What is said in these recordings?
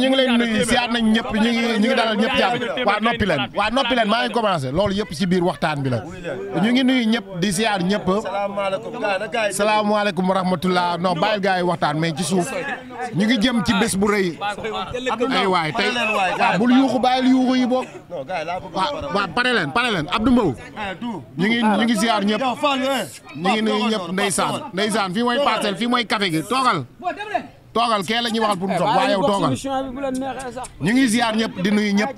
ñu ngi leen nuyu siyaat nañ ñëpp ñu ngi ñu ngi dalal ñëpp jàmm waa noppi leen waa noppi leen maa ngi commencé loolu yëpp ci biir waxtaan bi la ñu ngi nuyu ñëpp di siyaar ñëpp salaamaaleykum wa rahmatullah non bàyyil gars yi waxtaan mais ci suuf ñu ngi jëm ci bés bu rëy ay waay tey waaw bul yuuxu bàyyil yuuxu yi boog waaw waaw pare leen pare leen Abdou Mbow eh, ñu ngi ñu ngi siyaar ñëpp eh. ñu ngi nuyu ñëpp ndeysaan ndeysaan fii mooy parcelle fii mooy café gi toogal toogal kee la ñuy waxal pour mu toog waaye toogal ñu ngi ziar ñëpp di nuyu ñëpp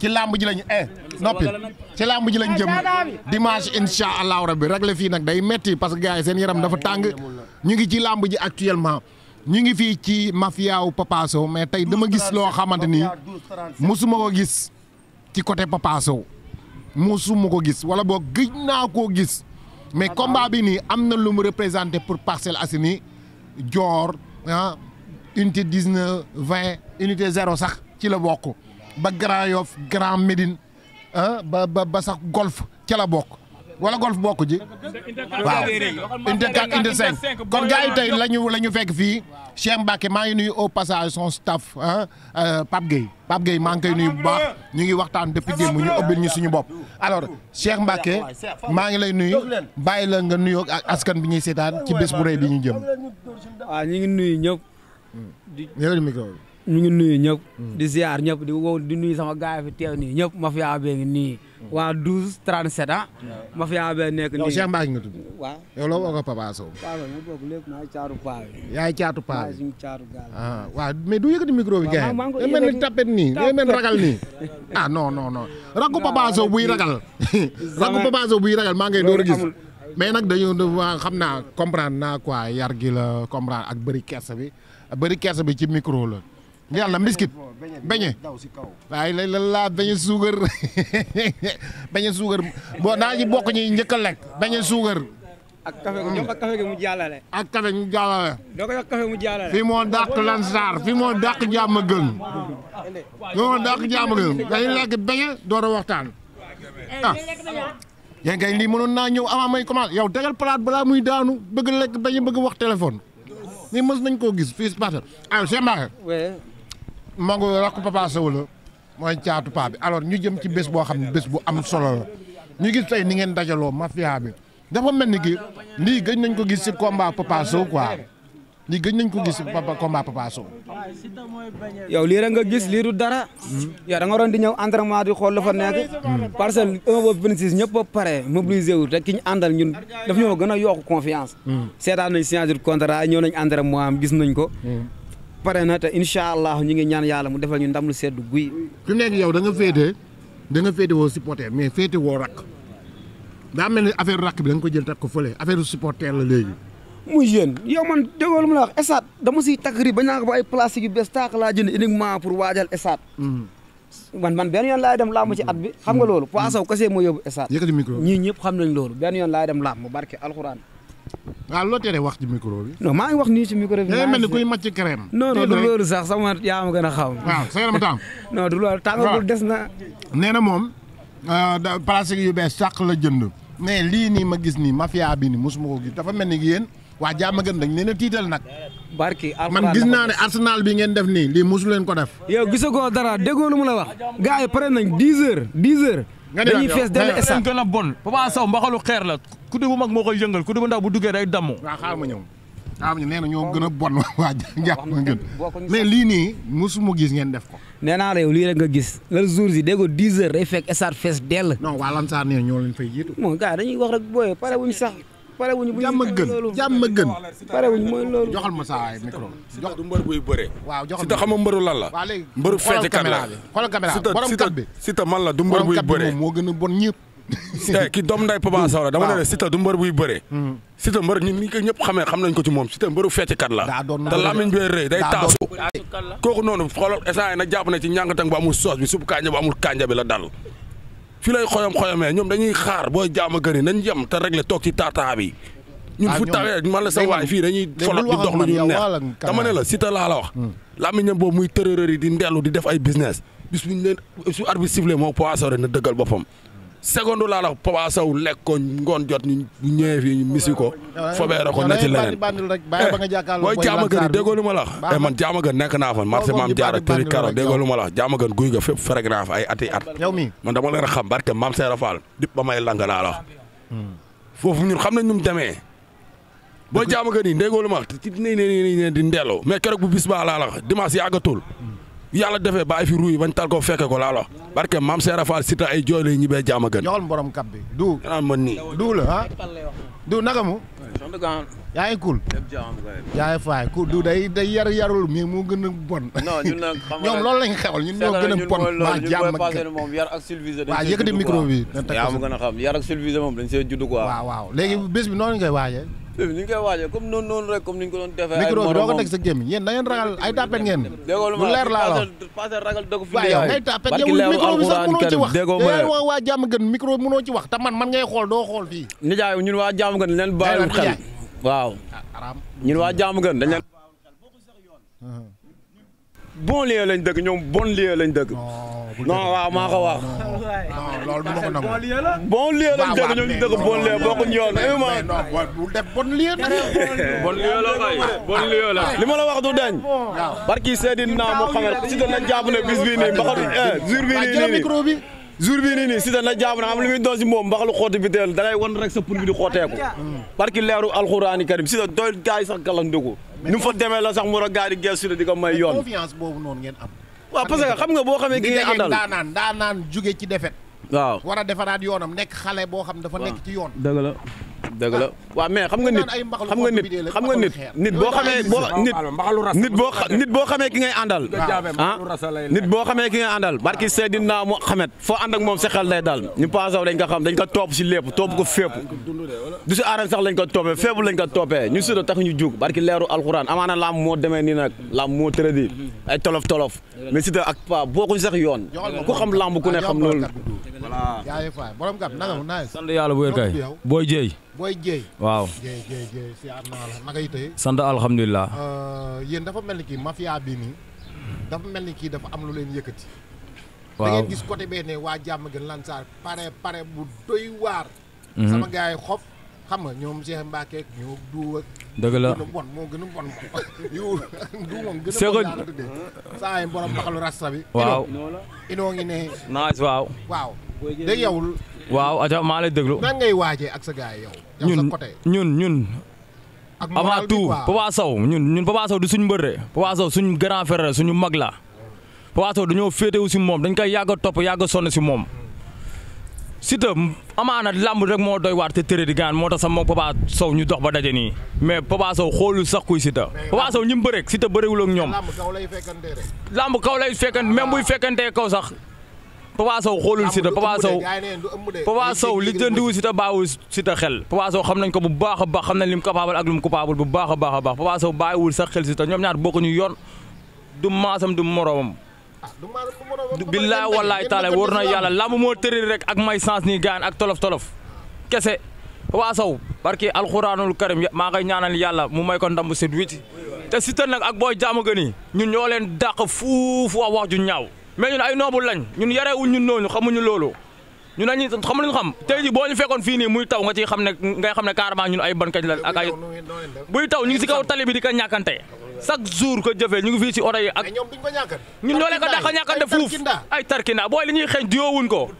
ci làmb ji lañ eh noppi ci làmb ji lañ jëm dimanche incha allahu rabbi rek la fii nag day metti parce que seen yaram dafa tàng ñu ngi ci làmb ji actuellement ñu ngi fii ci mafia wu Papa mais tey dama gis loo xamante ni musuma ko gis ci côté Papa Sow musuma ko gis wala boo gëj naa koo gis mais ah, combat bi nii am na lu mu représenté pour Parcelles Assainies joor ah unité dix neuf vingt unité zéro sax ci la bokk ba Grand Yoff Grand Médine ah, ba ba ba sax golf ca la bokk wala golf bokk ji waaw unité 4 unité 5 kon gars yi tey lañu la ñu fekk fii Cheikh Mbacke maa ngi nuyu o passage son staff ah Pape Gueye Pape Gueye maa ngi koy nuyu bu baax ñu ngi waxtaan depuis démb ñu ñu suñu bopp alors Cheikh Mbacke maa ngi lay nuyu bàyyi la nga nuyoo ak askan bi ñuy seetaan ci bés bu rëy bi ñu jëm. waaw ñu ngi nuyu ñëpp. di micro ñu ngi nuyu ñëpp. di ziar ñëpp di wow di nuyu sama gaay fi teew nii ñëpp ma fi bee ngi nii. waa 12 37 ans. ma fi yaa bee nekk nii yow loo bokk Papa Sow. Papa ma caatu paa bi. yaay caatu paa bi suñu ah, du yëkkati ragal maa ngay door a gis. mais nag dañu xam naa comprendre naa quoi yar gi la ak bëri kersa bi bëri kersa bi ci micro la. yàlla mbiskit beñe waaye lay la laa beñe suukar beñe suukar boo naa ci bokk ñi njëkk a lekk beñe suukar ak kafe gi jox ko kafe gi mu jàllale. ak kafe mu jàllale. doo ko jox kafe moo dàq lansaar fii moo dàq jàmm gën. fii moo dàq jàmm gën dañuy lekk beñe door a waxtaan. Eh, ah yéen kay lii mënoon naa ñëw avant may commencé yow tegal palaat balaa muy daanu bëgg lekk beñe bëgg wax téléphone. nii mës nañ koo gis fii si Paathal ah mangu rakku Papa Sow la mooy caatu paa bi alors ñu jëm ci bés boo xam ne bés bu am solo ñu gis tey ni ngeen dajaloo mafia bi dafa mel ni ki lii gëj nañ ko gis si combat Papa Sow quoi lii gëj nañ ko gis si combat Papa Sow. yow lii rek nga gis liiru dara. Hmm. yow da nga waroon di ñëw entraînement di xool la fa nekk. Hmm. parcelle un ba vingt six ñëpp a pare mobilisé wu te ki ñu àndal ñun daf ñoo gën a yokk confiance. Hmm. seetaan nañ signature contrat ñëw nañ entraînement am gis nañ ko. pare na te incha allah ñu ngi ñaan yàlla mu defal ñu ndam lu sedd guy. fi nekk yow da nga féete da nga féete woo supporter mais féete woo rakk daa mel ni affaire rakk bi da nga ko jël takk ko fële affaire supporter la léegi. muy jeune yow man déggoo lu ma la dama siy takk ri ba ñaa ko ba ay plastique yu bees taak laa jënd uniquement pour waajal esaat. Mm-hmm. man man benn yoon laay dem làmb ci at bi. xam nga loolu. poids saw kese moo yóbbu esaat. ñii ñëpp xam nañ loolu benn yoon laay dem làmb barke alxuraan. waaw loo teree wax ci micro bi. non maa ngi wax nii ci micro bi. maa ni kuy màcc crème. non non du sax sama yaa ma gën a xaw. waaw sa yaram tàng. non du loolu des na. nee na moom euh, da plastique yu bees sàq la jënd. mais lii nii ma gis nii mafia bi nii mosuma ko gis dafa mel ni yéen waa a gën dañ leen a tiital nag. barki man gis naa ne arsenal bi ngeen def nii lii mosu leen ko def. yow ko dara déggoo lu mu la wax. gars yi pare nañ dix heures dix heures. dañuy fees denn esa gën a bon Papa Sow mbaxalu xeer la ku di bu mag moo koy yëngal ku di bu ndaw bu duggee day damm waaw xaar ma ñëw xaar ma ñëw nee na ñoo gën bon waa ma lii nii mosuma gis ngeen def ko nee naa la yow lii rek nga gis lan jours yi déggoo dix heures day fekk esat fees dell non waa Lansar nee sax pare wuñu bu jàmm gën jàmm gën pare wuñu mooy loolu joxal ma saa ay micro jox du mbëru lan la mbëru fecc kat la xoolal caméra bi borom kat bi si ta man la du mbër buy bëree moo gën a bon eh, ki doom nday Papa Sow la dama ne Siteu du mbër buy bëree hmm. Siteu mbër ñun ni ko xam nañ ko ci moom Siteu mbëru fecckat la te lamiñ bee rëy day taasu kooku noonu xoolal instant yi nag jàpp na ci ñàngatang bu amul soos bi subu kànja bu amul kànja bi la dal fi lay xoyom xoyomee ñoom dañuy xaar booy jaam a gëri nañ yem te régler toog ci taataa ñun ah, fu tawee man la sa waay fii dañuy folot di dox lu ñu neex dama ne la si ta laa la wax hmm. làmmiñam muy tërërër yi di ndellu di def ay business bis bu ñu leen su arbitre sifflé moo poisson na dëggal boppam seconde laa la Papa Sow lekk ko ngoon jot ñu ñëwee fii ñu misi ko. fobeere ko na ci leneen eh, mooy jaamagan déggoo lu ma la eh, nekk naa fa marché maam jaara tëri karo déggoo lu ma la wax jaamagan guy ga fépp fereg naa fa ay ati at. man dama leen xam barke maam Seera Fall dip ba may lang laa la wax. Hmm. ñun xam nañ ñu mu demee. boo jaamagan yi déggoo lu ma wax te ci dinañ leen di ndelloo. mais keroog bu bis ba laa la wax yàlla defee ba ay fi ruuy bañ tal ko fekke ko laa barke maam Seera Fall si ay jooy lay ñibbee jaam a gën. ñoxol borom kap bi du. danaa mën nii du la ah du naka mu. yaa ngi cool. yaa ngi faay du day day yar yarul mais gën a bon. non ñun nag xam nga ñoom loolu gën a bon. maa jaam ak mo yar a xam yar ak civilisé moom dañ see judd quoi. waaw waaw léegi bés bi noonu ngay waajee bi ni ñu koy waajee comme noonu noonu rek comme ni ñu ko doon defee. micro bi doo ko teg sa gémmiñ yéen da ragal ay tapet ngeen. lu leer laa la passé ragal dëgg fi waaw yow ngay tapet yow micro bi sax mënoo ci wax yéen eh, waa waa jàmm gën micro bi mënoo wax te man man ngay xool doo xool fii. nijaay ñun waa jàmm gën leen bàyyiwul xel waaw ah, ñun waa jàmm gën dañ leen bon lieu lañ dëgg ñoom bon lieu lañ dëgg non waaw maa ko wax. non loolu du ma ko nangu. bon lieu lañ dëkk ñoom ñu dëkk bon lieu bokkuñ yoon. bu bon lieu la. bon la kay bon lieu la. li ma la wax du dañ. barki Seydina Muhammad si dana jàpp ne bis bii nii mbaxalu eh, bi. si dana jàpp ne am doon si moom mbaxalu xooti bi teel da ngay wan rek sa pour bi di xooteeku. barki leeru alxuraani karim si da doy gaay sax galandiku. ñu fa demee la sax mu a gaay di gestu di ko may yoon. boobu noonu ngeen am. waaw parce xam nga boo xamee ki ngay àndal daa naan jóge ci defet waaw war a defaraat yoonam nekk xale boo xam dafa nekk ci yoon dëgg la dëgg la waaw mais xam nga nit xam nga nit xam nga nit nit boo xamee boo nit nit boo nit boo xamee ki ngay àndal ah nit boo xamee ki ngay àndal barki ah. Seydina Muhammad foo ànd ak moom sa xel day daal ñu paasaw dañ ko xam dañ ko topp si lépp topp ko fépp ah, du si aaran sax lañ ko toppee fépp lañ ko toppee ñu suda tax ñu jug barki leeru alxuraan amaana lam moo demee nii nag lam moo tëradi mm-hmm. ay tolof tolof mais si ak pa bokkuñ sax yoon ku xam lamb ku ne xam loolu voilà sant yàlla bu wér kay booy jéey booy jéey waaw jéey jéey jéey si am yi tey sant alhamdulilah euh, yéen dafa mel ni kii mafia bi nii dafa mel ni kii dafa am lu leen yëkkati da ngeen gis côté bee waa jàmm gën lansaar pare pare bu doy waar mhm. sama gars yi xof xam nga ñoom Cheikh Mbacke ñoo duw dëgg la moo gën a bon yu a bon saa yi borom baxalu rasta bi waaw inoo ngi ne nice waaw waaw dégg yowul waaw aja maa lay déglu. nan ngay waajee ak sa yow. ñun ñun ñun. ak avant tout Papa Sow ñun ñun Papa Sow du suñu mbër de Papa Sow suñu grand frère suñu mag la Papa Sow dañoo féetewu si moom dañ koy yàgg a topp yàgg a sonn si moom. Siteu amaana làmb rek moo doy waar te di gaan moo tax sax moom Papa Sow ñu dox ba daje nii mais Papa xoolu xoolul sax kuy Siteu Papa Sow ñi mu bëreeg Siteu bëreewul ak ñoom. làmb kaw lay fekkante même buy fekkantee kaw sax. Papa Sow xoolul Siteu Papa Sow Papa Sow li jëndiwu Siteu bàyyiwul Siteu xel Papa Sow xam nañ ko bu baax a baax xam nañ lim capable ak lim coupable bu baax a baax a baax Papa Sow bàyyiwul sax xel Siteu ñoom ñaar bokkuñu yoon du maasam du moromam billaay wallaay taala war na yàlla lamb moo tëri rek ak may chance nii gaan ak tolof tolof kese Papa Sow barki alxuraanul karim maa ngay ñaanal yàlla mu may ko ndambu sit wicc te Siteu nag ak booy jaamu gën ñu ñoo leen dàq fuuf wax wax ju ñaaw mais ñun ay noobul lañ ñun yarewuñ ñun noonu xamuñu loolu ñun dañuy xam luñ xam tey boo ñu fekkoon fii nii muy taw nga ci xam ne ngay xam ne carrément ñun ay bankañ la ak ay buy taw ñu ngi si kaw tali bi di ko ñàkkante chaque jour ko jëfee ñu ngi fii si oto yi ak ñun ñoo leen ko dàq a ay tarkinda booy li ñuy xeeñ diyoowuñ ko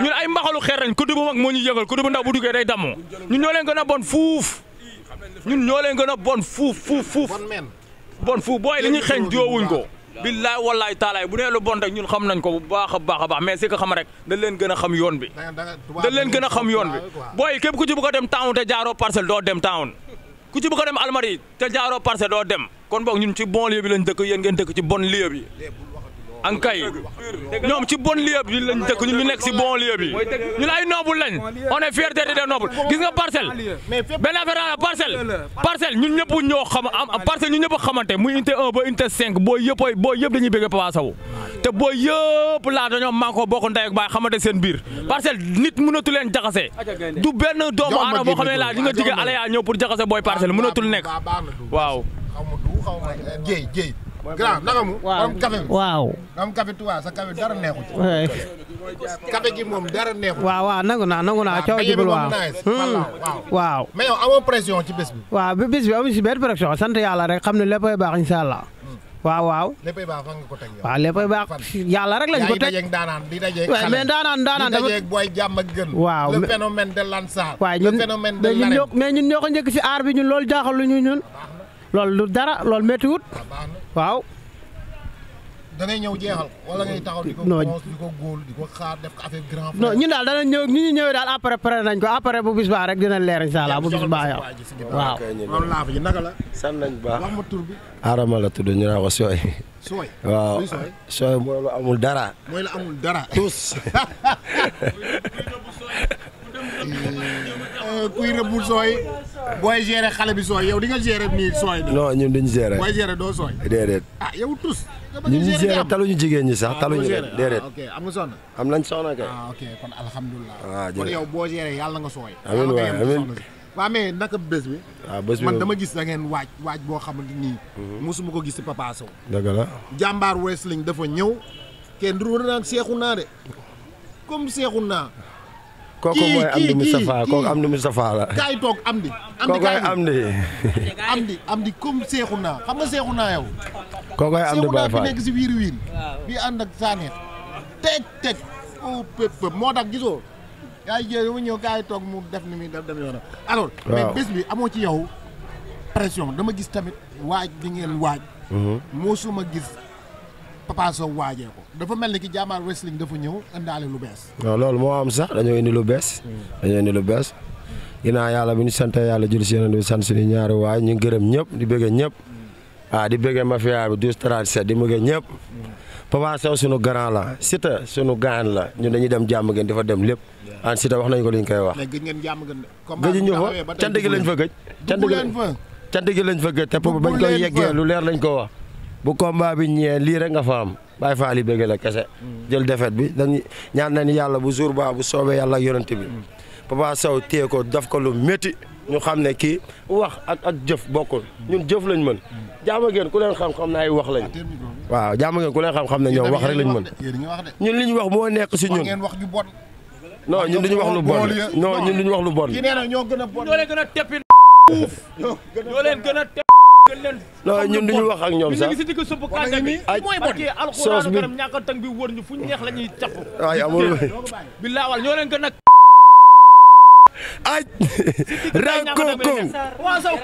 ñun ay mbaxalu xeer lañ kudu bu mag moo ñu yëngal kudu bu ndaw bu duggee day damm ñun ñoo leen gën a bon fuuf ñun ñoo leen gën a bon fuuf fuuf fuuf bon fuuf booy li xeeñ ko billaay wallaay taalaay bu nee lu bon rek ñun xam nañ ko bu baax a baax a baax mais si ko rek dañ leen gën a xam yoon bi dañ leen gën a xam yoon bi booy képp ku ci bëgg a dem town te jaaroo parcelle doo dem town ku ci bëgg a dem almari te jaaroo parcelle doo dem kon boog ñun ci bon lieu bi lañ dëkk yéen ngeen dëkk ci bon lieu ankay ñoom ci bon lieu bi lañ dëkk ñu nekk si bon lieu bi ñun ay noble lañ on est fier d'être des gis nga parcelle benn affaire la parcelle parcelle ñëpp ñoo xam am parcelle ñun ñëpp xamante muy unité 1 ba unité 5 boo yëpp boo yëpp dañuy bëgg Papa Sow te boo yëpp laa dañoo manko bokk ndey baay xamante seen biir parcelle nit mënatu leen jaxase du benn doomu aadama boo xamee laa di nga jige ala yaa ñëw pour jaxase booy parcelle mënatul nekk waaw grand naka mu. waaw café bi waaw. am café sa café dara neexu ci. café moom dara neexu ci. waaw waaw nangu naa nangu naa coow jubul hmm. waaw waaw. mais yow amoo pression ci bés bi. waaw bi bés bi si benn pression sant yàlla rek xam ne léppay baax incha allah. Hmm. waaw waaw léppay baax fan nga ko teg yow. waaw léppay baax yàlla rek lañ ko teg yaa ngi dajeeg daanaan di dajeeg xale mais daanaan daanaan di dajeeg booy jàmm ak gën. waaw le phénomène de lansar. waaw ñun le ñun ñoo njëkk si aar bi ñun loolu jaaxal lu ñu ñun. Ah, loolu dara loolu métti wut. Ah, waaw. da ngay ñëw jeexal wala ngay taxaw di ko xoos di ko góol ñun daal dana ñëw ñu ñu ñëwee daal après pare nañ ko après bu bis baax rek dina leer incha allah bu bis baax yow. waaw loolu la. sant nañ baax wax ma tur bi. Arama la tudd ñu naa ko Sooy. Sooy waaw Sooy mooy lu amul dara. mooy lu amul dara. tous. kuy rëbbul sooy booy gérer xale bi sooy yow di nga gérer nii sooy. non ñun duñ gérer. booy gérer doo sooy. déedéet. ah yow tous. ñu ñu gérer taluñu jigéen ñi sax ah, taluñu ñu déedéet. Ah, ok am nga soxna. am nañ soxna kay. ah ok ah, yow boo yàlla nga sooy. amiin waay amiin waaw mais naka bés bi. waaw bés bi man dama gis da ngeen waaj waaj boo xamante ni. mosuma mhm. ko gis ci Papa Sow. dëgg la. jàmbaar wrestling dafa ñëw. kenn du woon nag seexu naa de comme seexu naa kooku mooy Amdi Moustapha kooku Amdi Moustapha la. gaa yi toog am kooku am di Amdi Amdi comme seexu naa xam nga seexu naa yow. kooku ay Amdi Baye Fall bi nekk si wiir wiir. bi ànd ak saaneex. teg teg oh, moo tax gisoo. yaa jël mu ñëw gaa yi toog mu def ni muy def dem yoonam. alors mais bi amoo ci yow. pression dama gis tamit waaj bi ngeen waaj. Mhm. moo suma gis Papa waajee ko. dafa mel ni ki jàmbaar wrestling dafa ñëw indaale lu bees. loolu moo am sax dañoo indi lu bees. dañoo indi lu bees. ginnaaw yàlla bi ñu sant yàlla jël si yeneen bi sant suñu ñaari waay ñu gërëm ñëpp di bëggee ñëpp. ah di bëggee mafia bi 12 37 di bëggee ñëpp. Papa Sow sunu grand la Siteu sunu gaan la ñun dañuy dem jàmm geen dafa dem lépp. an ah, Siteu wax nañu ko li koy wax. mais gëj ngeen jàmm gën de. gëjuñu fa cant gi lañ fa gëj. bu cant gi lañ fa gëj te papa bañ koy yeggee lu leer lañ ko wax. bu combat bi ñëwee lii rek nga am bàyyi faal yi bëgg la kese. Mm. jël defet bi dañ ñaan nañu yàlla bu jour ba bu soobee yàlla ak yonent bi. Mm. Papa Sow téye ko daf ko lu métti ñu xam ne kii wax ak ak jëf bokkul mm. ñun jëf lañ mën. jaama ngeen ku leen xam-xam na wax lañ. waaw jaama ngeen ku leen xam-xam ne ñoo wax rek lañ mën. ñun li ñu wax moo nekk si ñun. noo ñun duñu wax lu bon non ñun duñu wax lu bon. ñoo leen gën a teppi. ñoo leen gën a teppi. non ñun duñu wax ak ñoom sax ay soos bi ay amul ay rankokong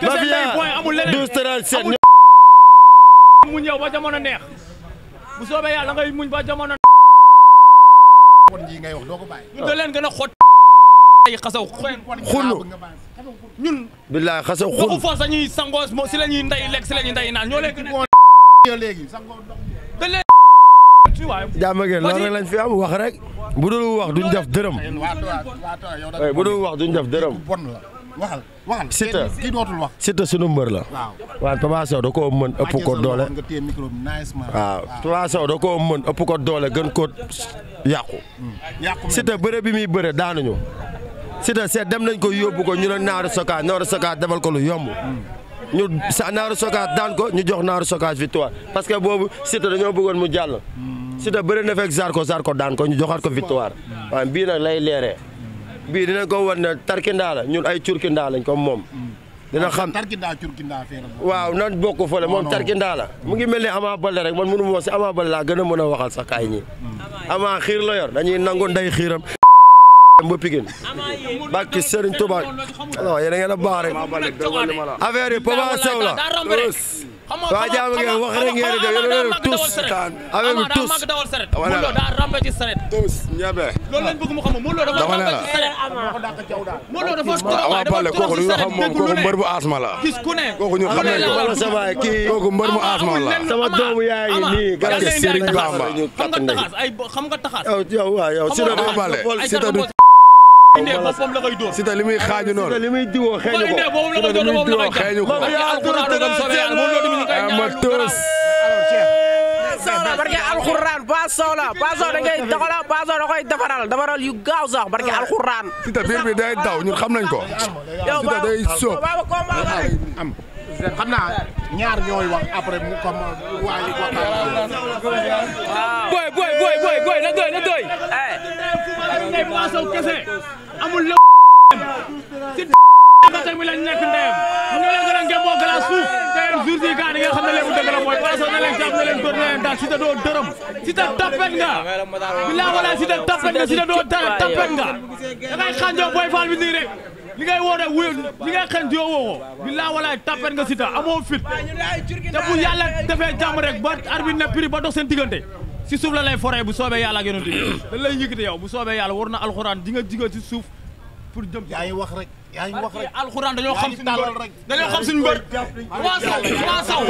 mafia douze trente-sept muñ yow ba jamono neex bu soobee yàlla ngay muñ ba jamono neex kon ji ngay wax doo ko bàyyi ñu da leen gën a xott ay xasaw xunu ñun billaay moo si la ñuy ndey lekk si la ñuy ndey naan ñoo leen gën loolu rek lañ fi wax rek bu dul wax duñ def dërëm bu dul wax duñ def dërëm waxal waxal Siteu kii dootul wax Siteu sunu mbër la waaw Papa Sow da koo mën ëpp ko doole waaw Papa Sow da koo mën ëpp ko doole gën ko yàqu mm. Siteu bëre bi muy bëre daanuñu Siteu seet dem nañ ko yóbbu ko ñu ne Naaru Sokaas Naaru Sokaas defal ko lu yomb. ñu sa Naaru Sokaas daan ko ñu jox naar Sokaas victoire parce que boobu Siteu dañoo bëggoon mu jàll. Siteu bëri na fekk Zarko Zarko daan ko ñu joxaat ko victoire waaw bii nag lay leere bii dina ko wan ne tarkindaa la ñun ay curkindaa lañ comme moom. dina xam ah, tarkindaa curkindaa feere waaw nan bokk fële moom oh, tarkindaa la. mu ngi mel ni Ama Baldé rek man mënu ma si Ama Baldé laa gën a mën a waxal sax kaay ñi. Ama xiir la yor dañuy nangu nday xiiram. ba Pikine bàkki Serigne Touba non yéen a ngeen a baax rek affaire yi Papa Sow la waa jaam ngeen wax rek ngeen def yéen a leen tous affaire bi tous wala la tous ñebe dama ne la Ama Baldé kooku du ñu xam moom kooku mbër bu asma la kooku ñu xam nañ ko sama kii kooku mbër bu asma la sama doomu yaay nii gara Serigne Bamba xam nga taxaas yow yow waaw yow si indee boppam la koy dóor si te li muy xaaju noonu li muy diwoo xeeñu ko si te li muy diwoo xeeñu ko amatos barke alxuraan baasoo la baasoo da ngay doxala baasoo da koy defaral defaral yu gaaw sax barke alxuraan si te biir bi day daw ñun xam nañ ko yow ba day sóob am xam naa ñaar ñooy wax après mu comme waaye waxtaan boy boy boy boy boy na doy na doy eh. amul la si ba tey mi lañ nekk ndeyam mu ngi leen gën a ngemboo glace suuf tey jour si gaa ni nga xam ne léegi dëgg la mooy nga bilaa wala si ta da ngay xànjoo booy faal woo de wuyu li ngay xen di woo ko ta amoo fit te bu yàlla defee jàmm rek ba arbitre ne prix si suuf la lay foree bu soobee yàlla ak yonent bi dañ lay yëkkati yow bu soobee yàlla war na alxuraan di nga jigal si suuf pour jëm yaa ngi rek yaa ngi wax rek alxuraan dañoo xam suñu mbër dañoo xam suñu mbër waasaw waasaw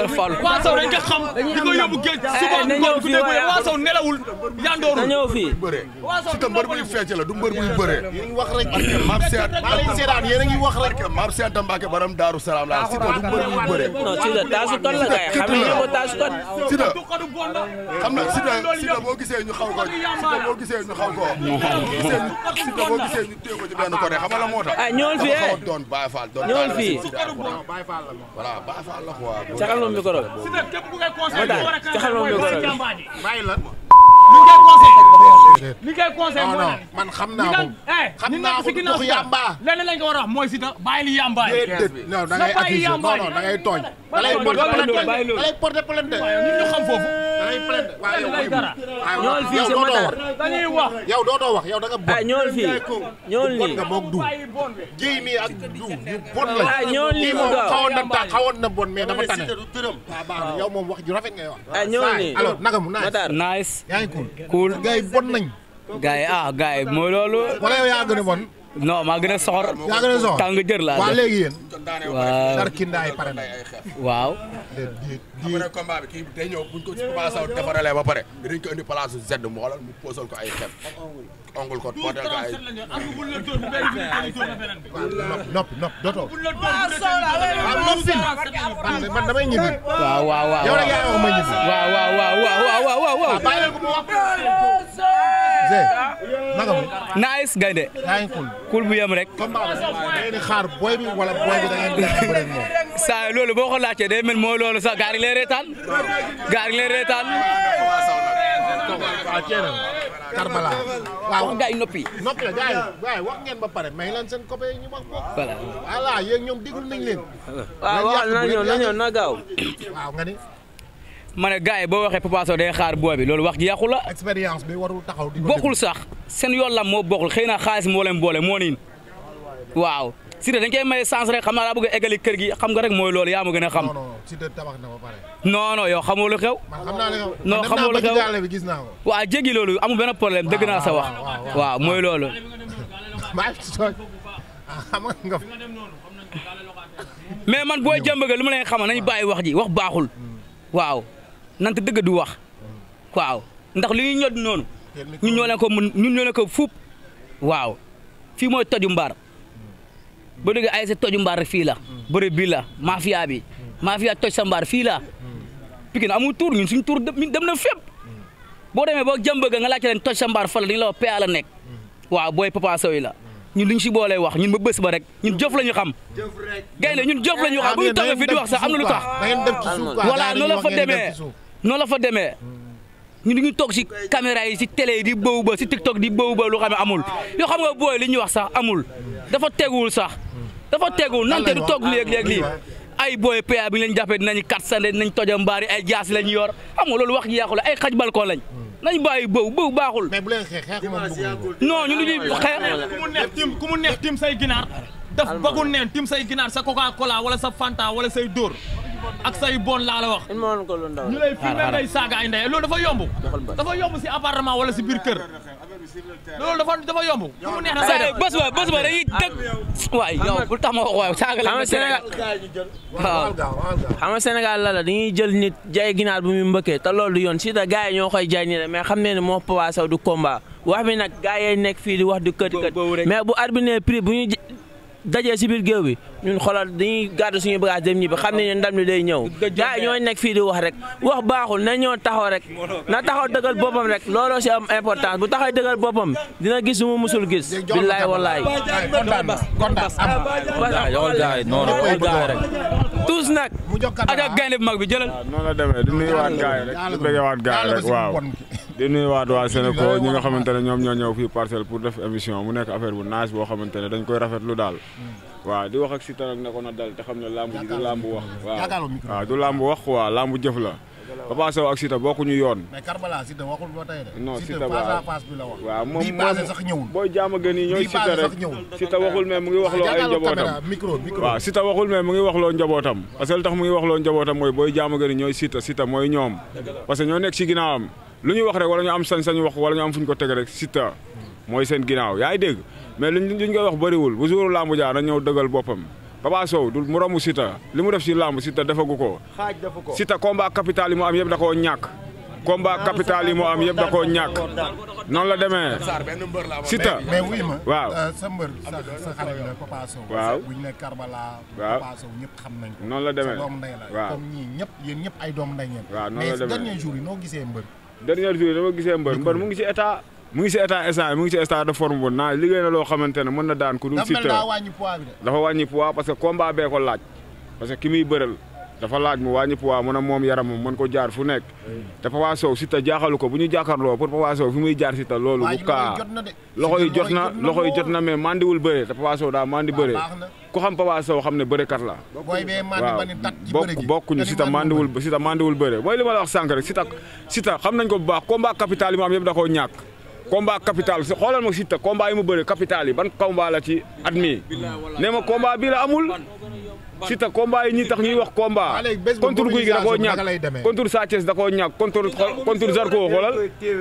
waasaw dañ ko xam di ko yóbbu géej suba ngoon ku dégg waasaw nelawul yandoor na ñëw fii waasaw te mbër buy fecc la du mbër buy bëree ñu wax rek maam seet maa lay seetaan yéen a ngi wax rek maam seet Mbacké baram Daaru Salaam la si du mbër buy bëree non si da taasu kon la kay xam nga ko taasu kon si da xam na si da si da boo gisee ñu xaw ko si da boo gisee ñu xaw ko si da boo gisee ñu téye ko ci benn côté xam nga la moo tax dañoo xaw a doon Baye Fall doon ñëwal fii voilà Baye Fall la quoi. caxal ma micro bi. caxal ma micro bi. li ngay conseil li ngay conseil mooy lan man xam naa ko eh, xam naa ko dox yàmba leneen lañ ko war a wax mooy si ta bàyyi li yàmbaay non da ngay accusé non non da ngay tooñ da lay porter plainte da lay porter plainte ñu xam foofu da lay plainte waaw ñool fii si matar dañuy wax yow dootoo wax yow da nga bon ah, ñool fii ñool lii nga moog du jéy mi ak du ñu bon la ah, ñool lii mu gaaw xawoon na ta xawoon na bon mais dafa tane ah, yow moom wax ju rafet ngay wax ñool lii alors nagamu nice nice yaa ngi ko neexul. cool gars yi bon nañ. gars yi ah gars yi mooy loolu. wala a bon. non maa gën a soxor. yaa a soxor tàng jër laa. waaw léegi yéen. waaw tarkindaa yi pare na. waaw. ko ci Papa ba pare. dañ ko indi place Z mu xoolal mu posal ko ay ongul ko potel ga ay noppi noppi dootoo ah, man damay ñibbi waaw waaw waaw yow rek yaa wax ma ñibbi waaw waaw waaw waaw waaw waaw waaw bàyyi leen ko mu wax naka mu nice gaynde cool cool bu yem rek comme ni xaar booy bi wala booy bi da ngeen moom saa loolu boo ko laajtee day mel mooy loolu sax gaari lay reetaan gaari lay reetaan waaw ceena Karbala waaw wax wax ngeen ba pare may lan seen copain ñu wax bokk voilà yéen gaaw waaw nga ma ne gars yi boo waxee Papa Sow day xaar booy loolu wax ji yàqu la expérience bi warul taxaw di bokkul sax seen yoon la moo bokkul xëy na xaalis moo leen boole moo waaw Siteu dañ koy maye chance rek xam naa daa bëgg a eggali kër gi xam nga rek mooy loolu yaa ma gën a xam. non non Siteu tabax na ba pare. non non yow xamoo lu xew. man xam naa lu xew non xamoo lu xew gis naa ko. waaw jéggi loolu amul benn problème dëgg naa sa wax. waaw mooy loolu. Ah, mais man booy jëmbëgg lu ma leen xamal nañu bàyyi wax ji wax baaxul. waaw nant dëgg du wax. waaw ndax li ñuy ñod noonu. ñun ñoo leen ko mën ñun ñoo leen ko fuup. waaw fii mooy toju mbaar. boo déggee ASC toju mbaar fii la mm. bëre bii la mafia bi mm. mafia toj sa mbaar fii la mm. Pikine amul tur ñun suñu tur dem na fépp boo demee boo jëmbëgg nga laajte leen toj sa mbaar fa la dañu la wax nekk waa booy Papa la ñun li ñu si boole wax ñun ba bés ba rek ñun jëf la ñu xam gaynde ñun jëf la ñu xam bu ñu di wax sax am na lu tax voilà noonu la fa demee noonu la fa demee ñun dañuy toog si caméra yi si télé di bëw ba si TikTok di bëw ba lu xam ne amul yoo xam nga booy li ñuy wax sax amul dafa teguwul sax dafa tegu nan te du toog léeg-léeg lii ay booy PA bi ñu leen jàppee dinañ kat sande dinañ toja mbaari ay jaas la ñu yor xam nga loolu wax ji yàqu la ay xaj balkon lañ nañ bàyyi bëw bëw baaxul. mais bu leen xeex xeex non ñu lu ñuy xeex. ku mu neex tim ku mu neex tim say ginaar. daf bëggu neen tim say ginaar sa coca cola wala sa fantaa wala say door ak say bon laa la wax. ñu lay fi mel ngay saaga ay ndey loolu dafa yomb. dafa yomb si appartement wala si biir kër. loolu dafa dafa yomb. mu neex na saa bés ba bés ba dañuy tëgg. waay yow bu tax ma wax waaw saaga la Sénégal waaw xam nga Sénégal la la dañuy jël nit jaay ginaar bu muy mbëkkee du yoon si da gars yi ñoo koy xam ne ne moo du combat wax bi nag gars nekk fii wax du kët kët mais bu arbitre prix bu ñu daje si biir géew bi ñun xoolal dañuy gàddu suñu bagage dem ñibbi xam ne ndam li day ñëw gars yi ñooy nekk fii di wax rek wax baaxul na ñoo taxaw rek na taxaw dëggal boppam rek looloo si am important bu taxaw dëggal boppam dina gis lu mu musul gis billaay wallaay tous nag ak gaynde bu mag bi jëlal noonu la demee di nuyuwaat gaay rek di bëggewaat gaay rek waaw di nuyuwaat waa Sénégal ñi nga xamante ñoom ñoo ñëw fii parcelle pour def émission mu nekk affaire bu naaj boo xamante dañ koy rafetlu daal. Hmm. waaw di wax ak Siteu nag ne ko na te xam ne lamb ji du lamb wax. waaw waaw du lamb wax waaw lamb jëf la. Papa Sow ak Siteu bokkuñu yoon. mais Karbala Siteu waxul ba tey la wax. waaw moom moom booy jaam a gën yi ñooy Siteu rek Siteu waxul mais mu ngi waxloo ay njabootam waaw Siteu waxul mais mu ngi waxloo njabootam parce mooy booy jaam a gën yi ñooy Siteu Siteu mooy ñoom parce ñoo nekk ci ginnaawam lu ñu wax rek wala ñu am sañ-sañ wax wala ñu am fu ñu ko teg rek Siteu mooy seen ginnaaw yaa ngi dégg mais luñ luñ koy wax bëriwul bu jour làmb jaar na ñëw dëggal boppam Papa Sow du moromu Siteu li mu def si làmb Siteu defagu ko. xaaj defu ko Siteu combat capital yi mu am yëpp da koo ñàkk. combat capital yi mu am yëpp da koo ñàkk. noonu la demee Siteu. mais wuy ma waaw euh, sa mbër sa xarit la Papa Sow. bu ñu ne Karbala. waaw Papa Sow ñëpp xam nañ noonu la demee sa doom ndey la. waaw comme ñëpp ñëpp ay doom ndey la demee yi noo gisee mbër. dernier jour dama gisee mbër mbër mu ngi mu ngi ci état mu ngi ci état de bu naa liggéey na loo xamante ne mën na daan ku dul Siteu dafa wàññi poids parce que combat bee ko laaj parce que ki bërël dafa laaj mu wàññi poids mën a moom yaramam mën ko jaar fu nekk te Papa Sow Siteu jaaxalu ko bu ñu jàkkaarloo pour Papa Sow fi muy jaar Siteu loolu bu kaa loxo yi jot na loxo yi jot na mais mandiwul bëre te Papa Sow daa mandi bëre ku xam Papa Sow xam ne kat la waaw bokk bokkuñu Siteu mandiwul Siteu mandiwul bëre mooy li ma la wax sànq rek Siteu Siteu xam nañ ko bu baax combat capital yi mu am yëpp da koo ñàkk combat capital xoolal ma Siteu combat yi mu bëre capital yi ban combat la ci at mii nee ma combat bii la amul Siteu combat yi ñuy tax ñuy wax combat. contre guy gi da koo ñàkk contre Sa Thiès Zarko xoolal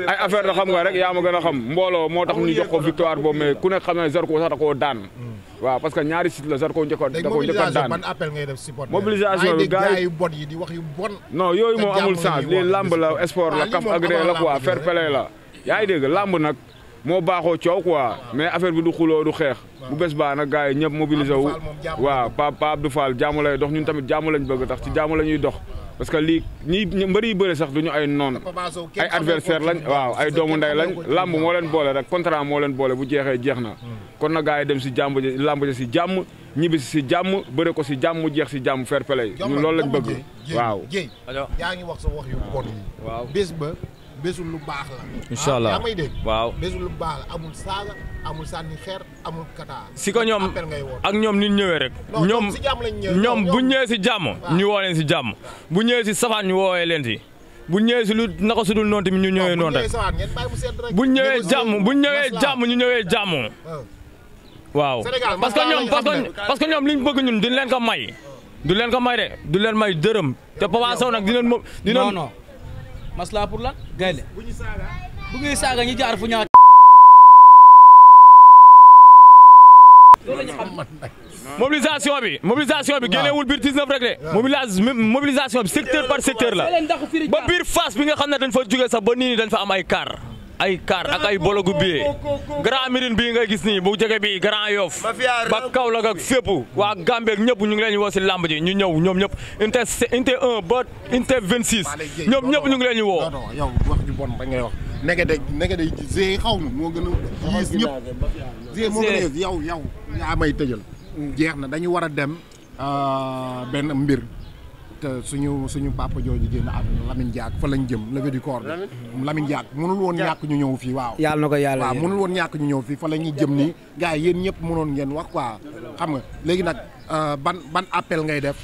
ay affaire da xam nga rek yaa ma gën a xam mbooloo moo tax ñu jox ko victoire boobu mais ku nekk xam ne Zarko sax da koo daan. Mm. waaw parce ñaari site la Zarko njëkkoon daan ban appel bon non yooyu moom amul sens lii lamb la sport la kaf agré la quoi fair play la yaa ngi lamb nag moo baaxoo coow quoi mais affaire bi du xuloo du xeex bu bés baa nag gars yi ñëpp mobilisé waaw Pa Pa Abdou Fall jaamu dox ñun tamit jaamu lañ bëgg tax ci jaamu la ñuy dox parce que lii ñi mbëri yi bëre sax duñu ay noon ay adversaire lañ waaw ay doomu ndey lañ làmb moo leen boole rek contrat moo leen boole bu jeexee jeex na hmm. kon na gars yi dem si jàmb ji làmb si jàmm ñibbi si jàmm bëre ko si jàmm jeex si jàmm fair play ñun loolu lañ bëgg waaw yaa ngi wax sa wax yu bon hmm. waaw bésu lu baax la. incha allah ah, yaa may waaw bésu lu baax la amul saaga amul sànni xeer amul kataa. si ko ñoom ak ñoom nit ñëwee rek. ñoom ñoom bu ñëwee si jàmm. ñu woo si jàmm bu ñëwee si safaan ñu woowee leen si. bu ñëwee si lu naka sudul noonu tamit ñu ñëwee noonu rek bu ñëwee jàmm bu ñëwee jàmm ñu ñëwee jàmm. waaw parce que ñoom parce que parce que ñoom liñ bëgg ñun duñ leen ko may. du leen ko may de du leen may dërëm te Papa Sow nag dinañ moom dinañ. maslaa pour lan gaynde bu ñu saaga bu ñuy saaga ñi jaar fu ñaaw mobilisation bi mobilisation bi génneewul biir 19 rek de mobilisation bi secteur par secteur la ba biir face bi nga xam ne dañ fa jógee sax ba nii dañ fa am ay car ay car ak ay bologu billet Grand Médine bii ngay gis nii bu jege bii Grand Yoff ba Kaolack ak fépp waa Gambie ak ñëpp ñu ngi leen woo si lamb ji ñu ñëw ñoom ñëpp unité unité 1 ba unité 26 ñoom ñëpp ñu ngi leen ñu woo. yow wax ju bon ba ngay wax nege xaw ma moo gën a yiis ñëpp Zé a yiis yow yow may tëjal mm. jeex na dañu war a dem euh, benn mbir. suñu suñu papa jooju génn àdduna Lamine Diack fa lañ jëm levée du corps bi Lamine Diack mënul woon ñàkk ñu ñëw fii waaw yàlla na ko yàlla waaw mënul woon ñàkk ñu ñëw fii fa la ñuy jëm nii gars yi yéen ñëpp mënoon ngeen wax waa xam nga léegi nag euh, ban ban appel ngay def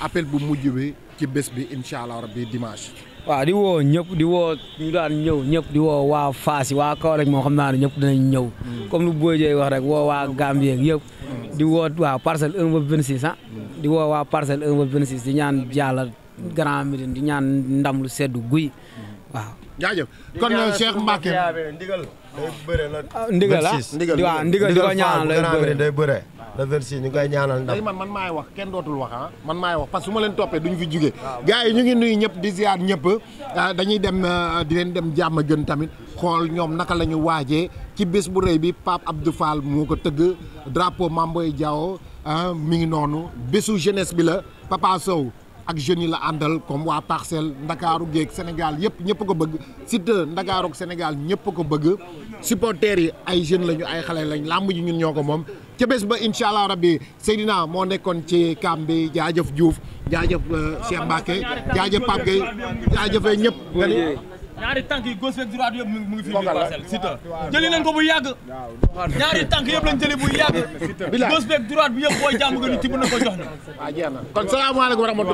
appel bu mujj bi ci bés bi incha allah rabbi dimanche waaw di woo ñëpp di woo ñu daan ñëw ñëpp di woo waa Fass yi waa Kaolack moom xam naa ne ñëpp dinañ ñëw mm. comme lu Boy Dieye wax rek woo waa Gambie ak yëpp mm. di woo waa parcelle 1 ba 26 ah mm. di woo waa parcelle 1 ba di ñaan Yàlla Grand di ñaan ndam lu seddu guy waaw jaajëf kon Cheikh Mbacke ndigal day bëre la. Ah, ndigal la ndigal waaw ndigal di ko ñaanal lay bëre day bëre. le 26 ñu koy ñaanal ndax. man man maay wax kenn dootul wax ah man maay wax parce que su ma leen toppee duñ fi jugee. gars yi ñu ngi nuyu ñëpp di ziar ñëpp ah, dañuy dem ah, di leen dem jàmm gën tamit xool ñoom naka la ñu waajee ci bés bu rëy bi Pape Abdou Fall moo ko tëgg drapeau Mamboy Diao mi ngi noonu bésu jeunesse bi la Papa Sow. ak jeunes yi la àndal comme waa parcelle ndakaaru géeg Sénégal yëpp ñëpp ko bëgg Siteu ndakaaru Sénégal ñëpp ko bëgg supporters yi ay jeunes lañu ay xale lañ làmb ji ñun ñoo ko moom ca ba incha allah rabbi Seydina moo nekkoon ci kam bi jaajëf Diouf jaajëf euh, Cheikh Mbacke jaajëf Pape Gueye jaajëf ñaari tànk yi gauche ak droite yëpp mu ngi fi biir parcelle yàgg yëpp jëli bu yàgg gauche droite bi yëpp booy jàmm nga ni tibb na ko jox na ah, kon salaamaaleykum wa rahmatulah